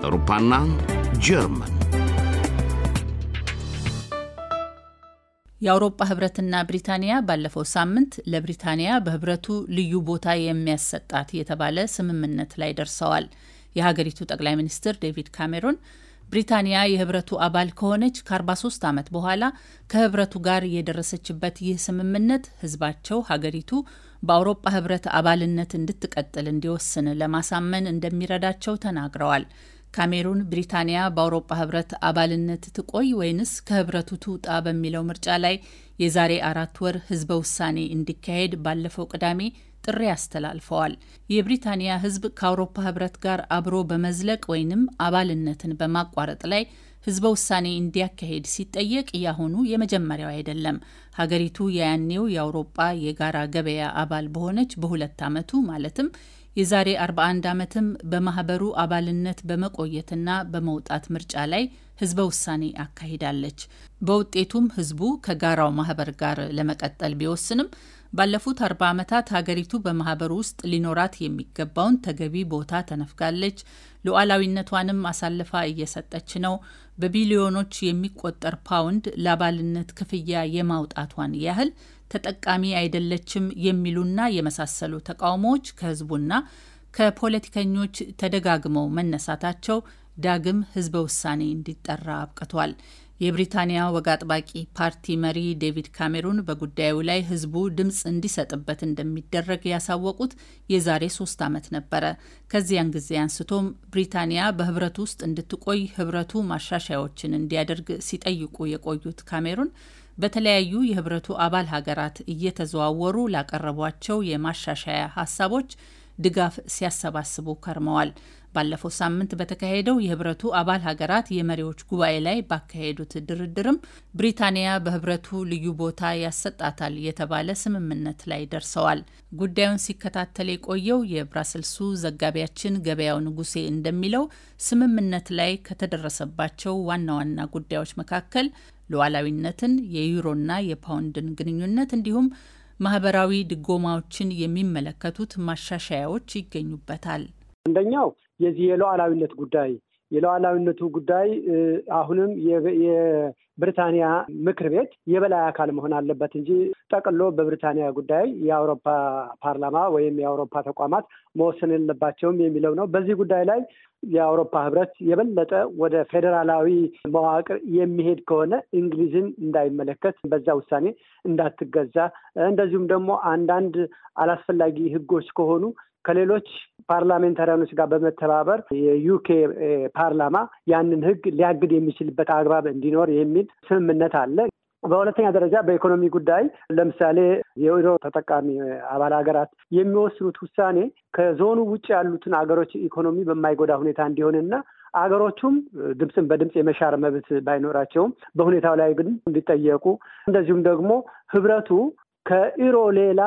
አውሮፓና ጀርመን የአውሮፓ ህብረትና ብሪታንያ ባለፈው ሳምንት ለብሪታንያ በህብረቱ ልዩ ቦታ የሚያሰጣት የተባለ ስምምነት ላይ ደርሰዋል። የሀገሪቱ ጠቅላይ ሚኒስትር ዴቪድ ካሜሮን ብሪታንያ የህብረቱ አባል ከሆነች ከ43 ዓመት በኋላ ከህብረቱ ጋር የደረሰችበት ይህ ስምምነት ህዝባቸው ሀገሪቱ በአውሮፓ ህብረት አባልነት እንድትቀጥል እንዲወስን ለማሳመን እንደሚረዳቸው ተናግረዋል። ካሜሩን ብሪታንያ በአውሮፓ ህብረት አባልነት ትቆይ ወይንስ ከህብረቱ ትውጣ በሚለው ምርጫ ላይ የዛሬ አራት ወር ህዝበ ውሳኔ እንዲካሄድ ባለፈው ቅዳሜ ጥሪ አስተላልፈዋል። የብሪታንያ ህዝብ ከአውሮፓ ህብረት ጋር አብሮ በመዝለቅ ወይንም አባልነትን በማቋረጥ ላይ ህዝበ ውሳኔ እንዲያካሄድ ሲጠየቅ ያሁኑ የመጀመሪያው አይደለም። ሀገሪቱ የያኔው የአውሮጳ የጋራ ገበያ አባል በሆነች በሁለት ዓመቱ ማለትም የዛሬ 41 ዓመትም በማህበሩ አባልነት በመቆየትና በመውጣት ምርጫ ላይ ህዝበ ውሳኔ አካሂዳለች። በውጤቱም ህዝቡ ከጋራው ማህበር ጋር ለመቀጠል ቢወስንም ባለፉት አርባ ዓመታት ሀገሪቱ በማህበሩ ውስጥ ሊኖራት የሚገባውን ተገቢ ቦታ ተነፍጋለች። ሉዓላዊነቷንም አሳልፋ እየሰጠች ነው። በቢሊዮኖች የሚቆጠር ፓውንድ ለአባልነት ክፍያ የማውጣቷን ያህል ተጠቃሚ አይደለችም የሚሉና የመሳሰሉ ተቃውሞዎች ከህዝቡና ከፖለቲከኞች ተደጋግመው መነሳታቸው ዳግም ህዝበ ውሳኔ እንዲጠራ አብቅቷል። የብሪታንያ ወግ አጥባቂ ፓርቲ መሪ ዴቪድ ካሜሩን በጉዳዩ ላይ ህዝቡ ድምፅ እንዲሰጥበት እንደሚደረግ ያሳወቁት የዛሬ ሶስት ዓመት ነበረ። ከዚያን ጊዜ አንስቶም ብሪታንያ በህብረቱ ውስጥ እንድትቆይ ህብረቱ ማሻሻያዎችን እንዲያደርግ ሲጠይቁ የቆዩት ካሜሩን በተለያዩ የህብረቱ አባል ሀገራት እየተዘዋወሩ ላቀረቧቸው የማሻሻያ ሀሳቦች ድጋፍ ሲያሰባስቡ ከርመዋል። ባለፈው ሳምንት በተካሄደው የህብረቱ አባል ሀገራት የመሪዎች ጉባኤ ላይ ባካሄዱት ድርድርም ብሪታንያ በህብረቱ ልዩ ቦታ ያሰጣታል የተባለ ስምምነት ላይ ደርሰዋል። ጉዳዩን ሲከታተል የቆየው የብራስልሱ ዘጋቢያችን ገበያው ንጉሴ እንደሚለው ስምምነት ላይ ከተደረሰባቸው ዋና ዋና ጉዳዮች መካከል ሉዓላዊነትን፣ የዩሮና የፓውንድን ግንኙነት እንዲሁም ማህበራዊ ድጎማዎችን የሚመለከቱት ማሻሻያዎች ይገኙበታል። አንደኛው የዚህ የሉዓላዊነት ጉዳይ የሉዓላዊነቱ ጉዳይ አሁንም የብሪታንያ ምክር ቤት የበላይ አካል መሆን አለበት እንጂ ጠቅሎ በብሪታንያ ጉዳይ የአውሮፓ ፓርላማ ወይም የአውሮፓ ተቋማት መወሰን የለባቸውም የሚለው ነው። በዚህ ጉዳይ ላይ የአውሮፓ ህብረት የበለጠ ወደ ፌዴራላዊ መዋቅር የሚሄድ ከሆነ እንግሊዝን እንዳይመለከት በዛ ውሳኔ እንዳትገዛ፣ እንደዚሁም ደግሞ አንዳንድ አላስፈላጊ ህጎች ከሆኑ ከሌሎች ፓርላሜንታሪያኖች ጋር በመተባበር የዩኬ ፓርላማ ያንን ህግ ሊያግድ የሚችልበት አግባብ እንዲኖር የሚል ስምምነት አለ። በሁለተኛ ደረጃ በኢኮኖሚ ጉዳይ ለምሳሌ የዩሮ ተጠቃሚ አባል ሀገራት የሚወስኑት ውሳኔ ከዞኑ ውጭ ያሉትን አገሮች ኢኮኖሚ በማይጎዳ ሁኔታ እንዲሆንና አገሮቹም ድምፅን በድምፅ የመሻር መብት ባይኖራቸውም በሁኔታው ላይ ግን እንዲጠየቁ እንደዚሁም ደግሞ ህብረቱ ከኢሮ ሌላ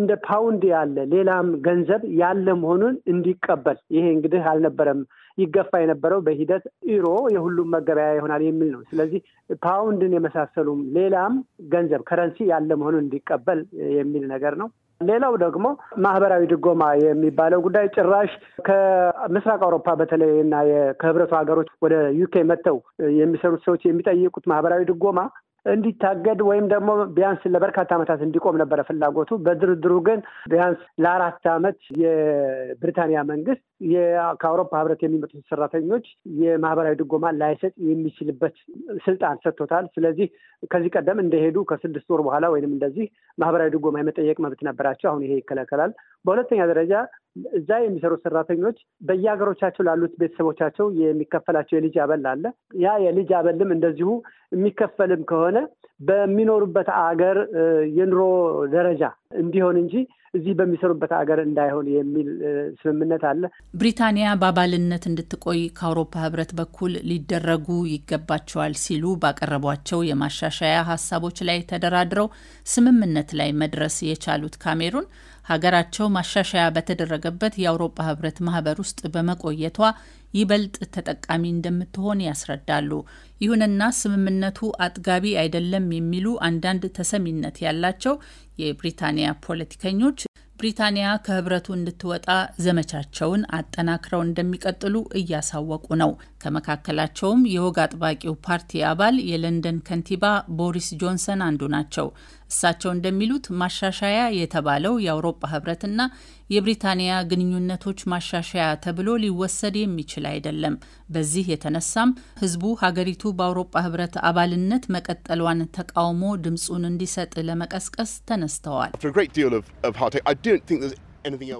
እንደ ፓውንድ ያለ ሌላም ገንዘብ ያለ መሆኑን እንዲቀበል ይሄ እንግዲህ አልነበረም ይገፋ የነበረው በሂደት ኢሮ የሁሉም መገበያ ይሆናል የሚል ነው። ስለዚህ ፓውንድን የመሳሰሉም ሌላም ገንዘብ ከረንሲ ያለ መሆኑን እንዲቀበል የሚል ነገር ነው። ሌላው ደግሞ ማህበራዊ ድጎማ የሚባለው ጉዳይ ጭራሽ ከምስራቅ አውሮፓ በተለይ እና ከህብረቱ ሀገሮች ወደ ዩኬ መጥተው የሚሰሩት ሰዎች የሚጠይቁት ማህበራዊ ድጎማ እንዲታገድ ወይም ደግሞ ቢያንስ ለበርካታ ዓመታት እንዲቆም ነበረ ፍላጎቱ። በድርድሩ ግን ቢያንስ ለአራት ዓመት የብሪታንያ መንግስት ከአውሮፓ ህብረት የሚመጡት ሰራተኞች የማህበራዊ ድጎማ ላይሰጥ የሚችልበት ስልጣን ሰጥቶታል። ስለዚህ ከዚህ ቀደም እንደሄዱ ከስድስት ወር በኋላ ወይም እንደዚህ ማህበራዊ ድጎማ የመጠየቅ መብት ነበራቸው። አሁን ይሄ ይከለከላል። በሁለተኛ ደረጃ እዛ የሚሰሩት ሰራተኞች በየሀገሮቻቸው ላሉት ቤተሰቦቻቸው የሚከፈላቸው የልጅ አበል አለ። ያ የልጅ አበልም እንደዚሁ የሚከፈልም ከሆነ በሚኖሩበት አገር የኑሮ ደረጃ እንዲሆን እንጂ እዚህ በሚሰሩበት አገር እንዳይሆን የሚል ስምምነት አለ። ብሪታንያ በአባልነት እንድትቆይ ከአውሮፓ ህብረት በኩል ሊደረጉ ይገባቸዋል ሲሉ ባቀረቧቸው የማሻሻያ ሀሳቦች ላይ ተደራድረው ስምምነት ላይ መድረስ የቻሉት ካሜሩን ሀገራቸው ማሻሻያ በተደረገበት የአውሮፓ ህብረት ማህበር ውስጥ በመቆየቷ ይበልጥ ተጠቃሚ እንደምትሆን ያስረዳሉ። ይሁንና ስምምነቱ አጥጋቢ አይደለም የሚሉ አንዳንድ ተሰሚነት ያላቸው የብሪታንያ ፖለቲከኞች ብሪታንያ ከህብረቱ እንድትወጣ ዘመቻቸውን አጠናክረው እንደሚቀጥሉ እያሳወቁ ነው። ከመካከላቸውም የወግ አጥባቂው ፓርቲ አባል የለንደን ከንቲባ ቦሪስ ጆንሰን አንዱ ናቸው። እሳቸው እንደሚሉት ማሻሻያ የተባለው የአውሮፓ ህብረትና የብሪታንያ ግንኙነቶች ማሻሻያ ተብሎ ሊወሰድ የሚችል አይደለም። በዚህ የተነሳም ህዝቡ ሀገሪቱ በአውሮፓ ህብረት አባልነት መቀጠሏን ተቃውሞ ድምፁን እንዲሰጥ ለመቀስቀስ ተነስተዋል።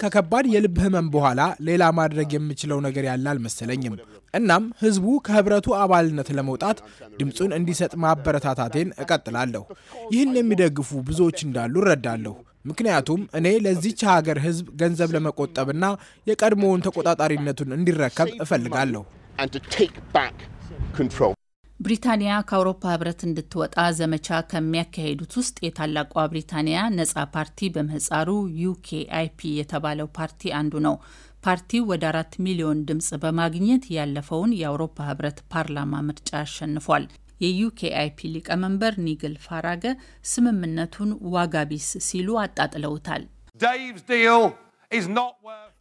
ከከባድ የልብ ህመም በኋላ ሌላ ማድረግ የምችለው ነገር ያለ አልመሰለኝም። እናም ህዝቡ ከህብረቱ አባልነት ለመውጣት ድምፁን እንዲሰጥ ማበረታታቴን እቀጥላለሁ። ይህን የሚደግፉ ብዙዎች እንዳሉ እረዳለሁ። ምክንያቱም እኔ ለዚች ሀገር ህዝብ ገንዘብ ለመቆጠብና የቀድሞውን ተቆጣጣሪነቱን እንዲረከብ እፈልጋለሁ። ብሪታንያ ከአውሮፓ ህብረት እንድትወጣ ዘመቻ ከሚያካሄዱት ውስጥ የታላቋ ብሪታንያ ነጻ ፓርቲ በምህፃሩ ዩኬአይፒ የተባለው ፓርቲ አንዱ ነው። ፓርቲው ወደ አራት ሚሊዮን ድምፅ በማግኘት ያለፈውን የአውሮፓ ህብረት ፓርላማ ምርጫ አሸንፏል። የዩኬአይፒ ሊቀመንበር ኒግል ፋራገ ስምምነቱን ዋጋቢስ ሲሉ አጣጥለውታል።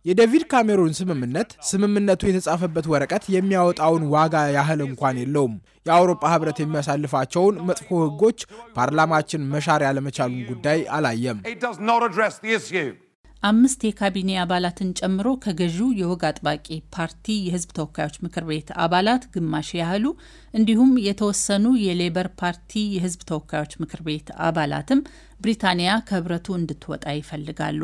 የዴቪድ ካሜሮን ስምምነት ስምምነቱ የተጻፈበት ወረቀት የሚያወጣውን ዋጋ ያህል እንኳን የለውም። የአውሮፓ ህብረት የሚያሳልፋቸውን መጥፎ ህጎች ፓርላማችን መሻር ያለመቻሉን ጉዳይ አላየም። አምስት የካቢኔ አባላትን ጨምሮ ከገዢው የወግ አጥባቂ ፓርቲ የህዝብ ተወካዮች ምክር ቤት አባላት ግማሽ ያህሉ እንዲሁም የተወሰኑ የሌበር ፓርቲ የህዝብ ተወካዮች ምክር ቤት አባላትም ብሪታንያ ከህብረቱ እንድትወጣ ይፈልጋሉ።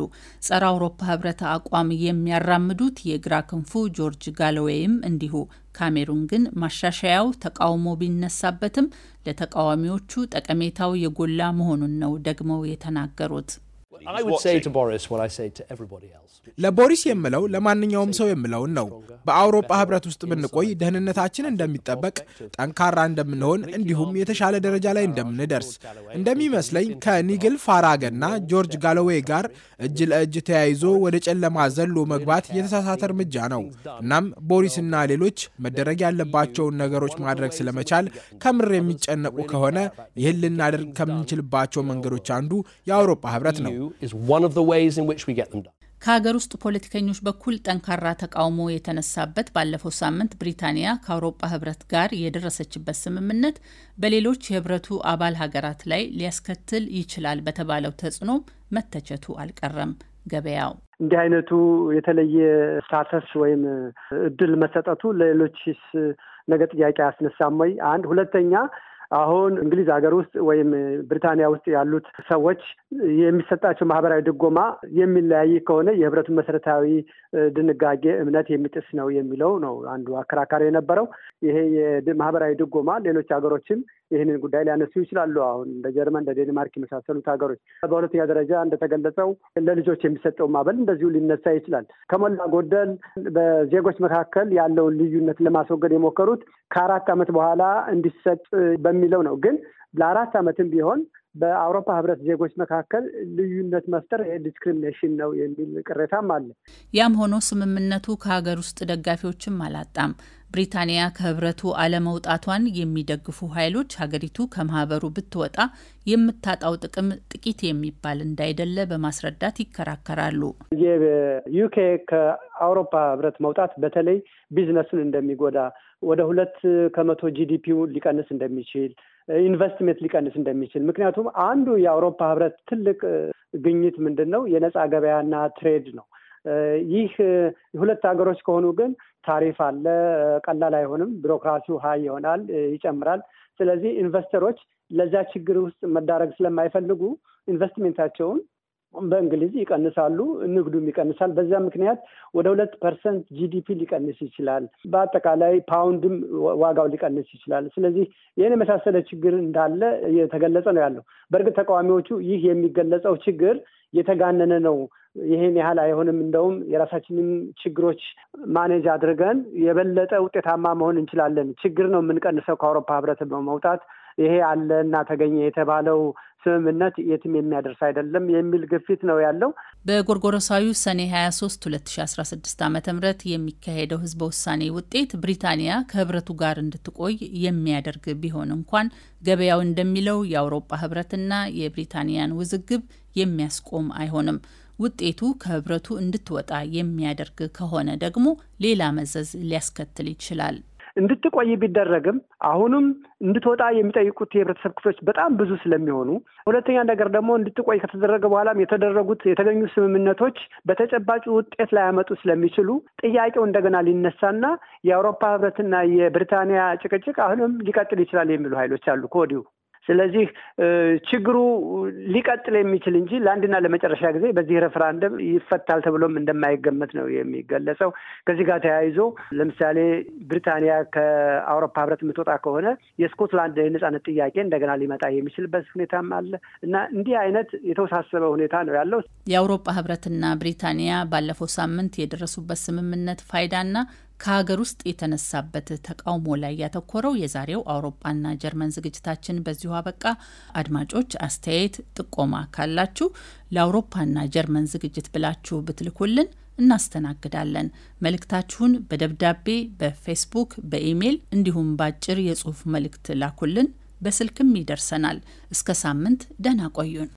ጸረ አውሮፓ ህብረት አቋም የሚያራምዱት የግራ ክንፉ ጆርጅ ጋሎዌይም እንዲሁ። ካሜሩን ግን ማሻሻያው ተቃውሞ ቢነሳበትም ለተቃዋሚዎቹ ጠቀሜታው የጎላ መሆኑን ነው ደግመው የተናገሩት። ለቦሪስ የምለው ለማንኛውም ሰው የምለውን ነው። በአውሮፓ ህብረት ውስጥ ብንቆይ ደህንነታችን እንደሚጠበቅ፣ ጠንካራ እንደምንሆን፣ እንዲሁም የተሻለ ደረጃ ላይ እንደምንደርስ እንደሚመስለኝ ከኒግል ፋራገና ጆርጅ ጋሎዌይ ጋር እጅ ለእጅ ተያይዞ ወደ ጨለማ ዘሎ መግባት የተሳሳተ እርምጃ ነው። እናም ቦሪስና ሌሎች መደረግ e ያለባቸውን ነገሮች ማድረግ ስለመቻል ከምር የሚጨነቁ ከሆነ ይህን ልናደርግ ከምንችልባቸው መንገዶች አንዱ የአውሮፓ ህብረት ነው። e ከሀገር ውስጥ ፖለቲከኞች በኩል ጠንካራ ተቃውሞ የተነሳበት ባለፈው ሳምንት ብሪታንያ ከአውሮፓ ህብረት ጋር የደረሰችበት ስምምነት በሌሎች የህብረቱ አባል ሀገራት ላይ ሊያስከትል ይችላል በተባለው ተጽዕኖ መተቸቱ አልቀረም። ገበያው እንዲህ አይነቱ የተለየ ስታተስ ወይም እድል መሰጠቱ ለሌሎችስ ነገ ጥያቄ አያስነሳም ወይ? አንድ ሁለተኛ አሁን እንግሊዝ ሀገር ውስጥ ወይም ብሪታንያ ውስጥ ያሉት ሰዎች የሚሰጣቸው ማህበራዊ ድጎማ የሚለያይ ከሆነ የህብረቱን መሰረታዊ ድንጋጌ እምነት የሚጥስ ነው የሚለው ነው አንዱ አከራካሪ የነበረው። ይሄ የማህበራዊ ድጎማ ሌሎች ሀገሮችም ይህንን ጉዳይ ሊያነሱ ይችላሉ። አሁን እንደ ጀርመን፣ እንደ ዴንማርክ የመሳሰሉት ሀገሮች። በሁለተኛ ደረጃ እንደተገለጸው ለልጆች የሚሰጠው ማበል እንደዚሁ ሊነሳ ይችላል። ከሞላ ጎደል በዜጎች መካከል ያለውን ልዩነት ለማስወገድ የሞከሩት ከአራት ዓመት በኋላ እንዲሰጥ በሚለው ነው። ግን ለአራት ዓመትም ቢሆን በአውሮፓ ህብረት ዜጎች መካከል ልዩነት መፍጠር ዲስክሪሚኔሽን ነው የሚል ቅሬታም አለ። ያም ሆኖ ስምምነቱ ከሀገር ውስጥ ደጋፊዎችም አላጣም። ብሪታንያ ከህብረቱ አለመውጣቷን የሚደግፉ ኃይሎች ሀገሪቱ ከማህበሩ ብትወጣ የምታጣው ጥቅም ጥቂት የሚባል እንዳይደለ በማስረዳት ይከራከራሉ። የዩኬ ከአውሮፓ ህብረት መውጣት በተለይ ቢዝነሱን እንደሚጎዳ፣ ወደ ሁለት ከመቶ ጂዲፒው ሊቀንስ እንደሚችል ኢንቨስትመንት ሊቀንስ እንደሚችል። ምክንያቱም አንዱ የአውሮፓ ህብረት ትልቅ ግኝት ምንድን ነው? የነፃ ገበያና ትሬድ ነው። ይህ ሁለት ሀገሮች ከሆኑ ግን ታሪፍ አለ፣ ቀላል አይሆንም። ቢሮክራሲው ሀይ ይሆናል፣ ይጨምራል። ስለዚህ ኢንቨስተሮች ለዛ ችግር ውስጥ መዳረግ ስለማይፈልጉ ኢንቨስትሜንታቸውን በእንግሊዝ ይቀንሳሉ፣ ንግዱም ይቀንሳል። በዚያ ምክንያት ወደ ሁለት ፐርሰንት ጂዲፒ ሊቀንስ ይችላል። በአጠቃላይ ፓውንድም ዋጋው ሊቀንስ ይችላል። ስለዚህ ይህን የመሳሰለ ችግር እንዳለ የተገለጸ ነው ያለው። በእርግጥ ተቃዋሚዎቹ ይህ የሚገለጸው ችግር የተጋነነ ነው ይህን ያህል አይሆንም፣ እንደውም የራሳችንን ችግሮች ማኔጅ አድርገን የበለጠ ውጤታማ መሆን እንችላለን፣ ችግር ነው የምንቀንሰው ከአውሮፓ ህብረት በመውጣት ይሄ አለ እና ተገኘ የተባለው ስምምነት የትም የሚያደርስ አይደለም የሚል ግፊት ነው ያለው። በጎርጎረሳዊ ሰኔ 23 2016 ዓ ም የሚካሄደው ህዝበ ውሳኔ ውጤት ብሪታንያ ከህብረቱ ጋር እንድትቆይ የሚያደርግ ቢሆን እንኳን ገበያው እንደሚለው የአውሮፓ ህብረትና የብሪታንያን ውዝግብ የሚያስቆም አይሆንም። ውጤቱ ከህብረቱ እንድትወጣ የሚያደርግ ከሆነ ደግሞ ሌላ መዘዝ ሊያስከትል ይችላል። እንድትቆይ ቢደረግም አሁንም እንድትወጣ የሚጠይቁት የህብረተሰብ ክፍሎች በጣም ብዙ ስለሚሆኑ፣ ሁለተኛ ነገር ደግሞ እንድትቆይ ከተደረገ በኋላም የተደረጉት የተገኙ ስምምነቶች በተጨባጭ ውጤት ላያመጡ ስለሚችሉ ጥያቄው እንደገና ሊነሳና የአውሮፓ ህብረትና የብሪታንያ ጭቅጭቅ አሁንም ሊቀጥል ይችላል የሚሉ ኃይሎች አሉ ከወዲሁ ስለዚህ ችግሩ ሊቀጥል የሚችል እንጂ ለአንድና ለመጨረሻ ጊዜ በዚህ ረፍራንደም ይፈታል ተብሎም እንደማይገመት ነው የሚገለጸው። ከዚህ ጋር ተያይዞ ለምሳሌ ብሪታንያ ከአውሮፓ ህብረት የምትወጣ ከሆነ የስኮትላንድ የነጻነት ጥያቄ እንደገና ሊመጣ የሚችልበት ሁኔታም አለ እና እንዲህ አይነት የተወሳሰበ ሁኔታ ነው ያለው። የአውሮፓ ህብረትና ብሪታንያ ባለፈው ሳምንት የደረሱበት ስምምነት ፋይዳና ከሀገር ውስጥ የተነሳበት ተቃውሞ ላይ ያተኮረው የዛሬው አውሮፓና ጀርመን ዝግጅታችን በዚሁ አበቃ። አድማጮች፣ አስተያየት ጥቆማ ካላችሁ ለአውሮፓና ጀርመን ዝግጅት ብላችሁ ብትልኩልን እናስተናግዳለን። መልእክታችሁን በደብዳቤ፣ በፌስቡክ፣ በኢሜይል እንዲሁም በአጭር የጽሑፍ መልእክት ላኩልን። በስልክም ይደርሰናል። እስከ ሳምንት ደህና ቆዩን።